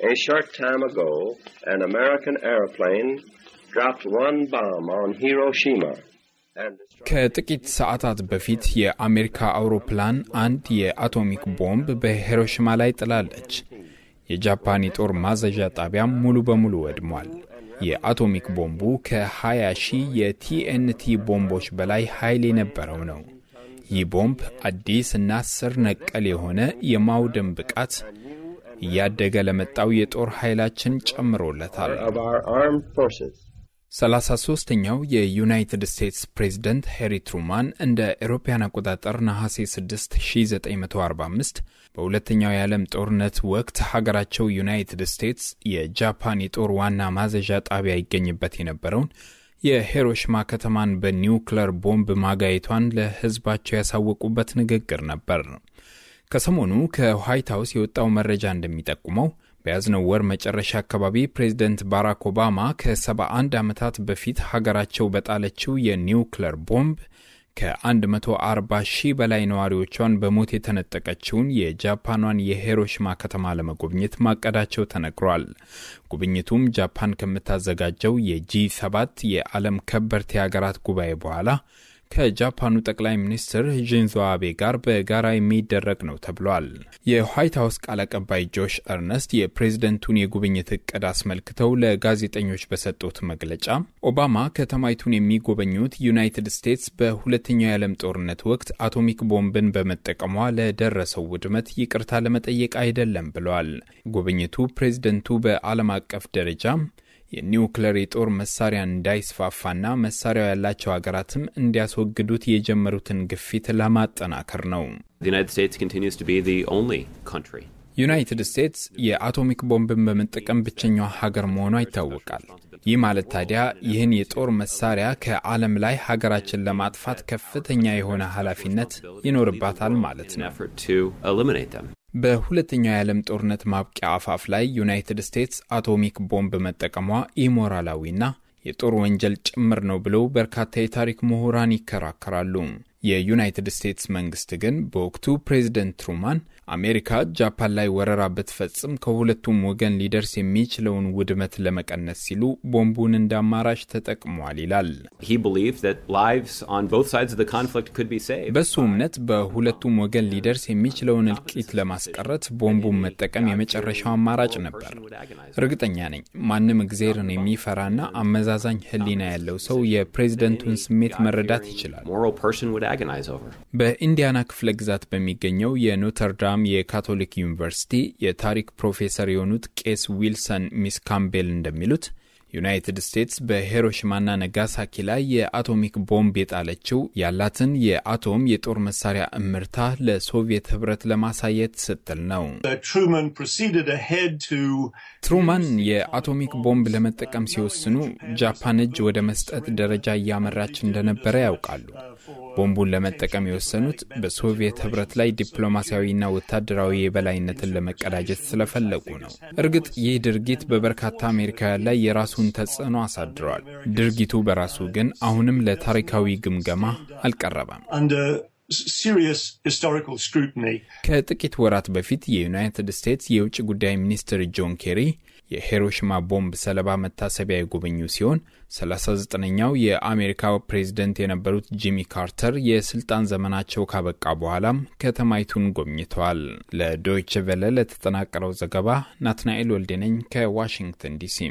A short time ago, an American airplane dropped one bomb on Hiroshima. ከጥቂት ሰዓታት በፊት የአሜሪካ አውሮፕላን አንድ የአቶሚክ ቦምብ በሂሮሽማ ላይ ጥላለች። የጃፓን የጦር ማዘዣ ጣቢያም ሙሉ በሙሉ ወድሟል። የአቶሚክ ቦምቡ ከ20 ሺህ የቲኤንቲ ቦምቦች በላይ ኃይል የነበረው ነው። ይህ ቦምብ አዲስ እና ስር ነቀል የሆነ የማውደም ብቃት እያደገ ለመጣው የጦር ኃይላችን ጨምሮለታል። 33ኛው የዩናይትድ ስቴትስ ፕሬዝደንት ሄሪ ትሩማን እንደ አውሮፓውያን አቆጣጠር ነሐሴ 6 1945 በሁለተኛው የዓለም ጦርነት ወቅት ሀገራቸው ዩናይትድ ስቴትስ የጃፓን የጦር ዋና ማዘዣ ጣቢያ ይገኝበት የነበረውን የሄሮሽማ ከተማን በኒውክለር ቦምብ ማጋየቷን ለሕዝባቸው ያሳወቁበት ንግግር ነበር። ከሰሞኑ ከዋይት ሀውስ የወጣው መረጃ እንደሚጠቁመው በያዝነው ወር መጨረሻ አካባቢ ፕሬዚደንት ባራክ ኦባማ ከ71 ዓመታት በፊት ሀገራቸው በጣለችው የኒውክለር ቦምብ ከ140 ሺህ በላይ ነዋሪዎቿን በሞት የተነጠቀችውን የጃፓኗን የሄሮሽማ ከተማ ለመጎብኘት ማቀዳቸው ተነግሯል። ጉብኝቱም ጃፓን ከምታዘጋጀው የጂ 7 የዓለም ከበርቴ ሀገራት ጉባኤ በኋላ ከጃፓኑ ጠቅላይ ሚኒስትር ዢንዞ አቤ ጋር በጋራ የሚደረግ ነው ተብሏል። የዋይት ሀውስ ቃል አቀባይ ጆሽ እርነስት የፕሬዝደንቱን የጉብኝት እቅድ አስመልክተው ለጋዜጠኞች በሰጡት መግለጫ ኦባማ ከተማይቱን የሚጎበኙት ዩናይትድ ስቴትስ በሁለተኛው የዓለም ጦርነት ወቅት አቶሚክ ቦምብን በመጠቀሟ ለደረሰው ውድመት ይቅርታ ለመጠየቅ አይደለም ብለዋል። ጉብኝቱ ፕሬዝደንቱ በዓለም አቀፍ ደረጃ የኒውክለር የጦር መሳሪያ እንዳይስፋፋና መሳሪያው ያላቸው ሀገራትም እንዲያስወግዱት የጀመሩትን ግፊት ለማጠናከር ነው። ዩናይትድ ስቴትስ የአቶሚክ ቦምብን በመጠቀም ብቸኛዋ ሀገር መሆኗ ይታወቃል። ይህ ማለት ታዲያ ይህን የጦር መሳሪያ ከዓለም ላይ ሀገራችን ለማጥፋት ከፍተኛ የሆነ ኃላፊነት ይኖርባታል ማለት ነው። በሁለተኛው የዓለም ጦርነት ማብቂያ አፋፍ ላይ ዩናይትድ ስቴትስ አቶሚክ ቦምብ መጠቀሟ ኢሞራላዊና የጦር ወንጀል ጭምር ነው ብለው በርካታ የታሪክ ምሁራን ይከራከራሉ። የዩናይትድ ስቴትስ መንግስት ግን በወቅቱ ፕሬዚደንት ትሩማን አሜሪካ ጃፓን ላይ ወረራ ብትፈጽም ከሁለቱም ወገን ሊደርስ የሚችለውን ውድመት ለመቀነስ ሲሉ ቦምቡን እንደ አማራጭ ተጠቅሟል ይላል። በሱ እምነት በሁለቱም ወገን ሊደርስ የሚችለውን እልቂት ለማስቀረት ቦምቡን መጠቀም የመጨረሻው አማራጭ ነበር። እርግጠኛ ነኝ ማንም እግዜርን የሚፈራና አመዛዛኝ ሕሊና ያለው ሰው የፕሬዝደንቱን ስሜት መረዳት ይችላል። በኢንዲያና ክፍለ ግዛት በሚገኘው የኖተርዳም የካቶሊክ ዩኒቨርሲቲ የታሪክ ፕሮፌሰር የሆኑት ቄስ ዊልሰን ሚስ ካምቤል እንደሚሉት ዩናይትድ ስቴትስ በሄሮሽማና ነጋሳኪ ላይ የአቶሚክ ቦምብ የጣለችው ያላትን የአቶም የጦር መሳሪያ እምርታ ለሶቪየት ህብረት ለማሳየት ስትል ነው። ትሩማን የአቶሚክ ቦምብ ለመጠቀም ሲወስኑ ጃፓን እጅ ወደ መስጠት ደረጃ እያመራች እንደነበረ ያውቃሉ። ቦምቡን ለመጠቀም የወሰኑት በሶቪየት ህብረት ላይ ዲፕሎማሲያዊና ወታደራዊ የበላይነትን ለመቀዳጀት ስለፈለጉ ነው። እርግጥ ይህ ድርጊት በበርካታ አሜሪካውያን ላይ የራሱን ተጽዕኖ አሳድረዋል። ድርጊቱ በራሱ ግን አሁንም ለታሪካዊ ግምገማ አልቀረበም። ከጥቂት ወራት በፊት የዩናይትድ ስቴትስ የውጭ ጉዳይ ሚኒስትር ጆን ኬሪ የሄሮሽማ ቦምብ ሰለባ መታሰቢያ የጎበኙ ሲሆን 39ኛው የአሜሪካ ፕሬዝደንት የነበሩት ጂሚ ካርተር የስልጣን ዘመናቸው ካበቃ በኋላም ከተማይቱን ጎብኝተዋል። ለዶይቸ ቬለ ለተጠናቀረው ዘገባ ናትናኤል ወልዴነኝ ከዋሽንግተን ዲሲ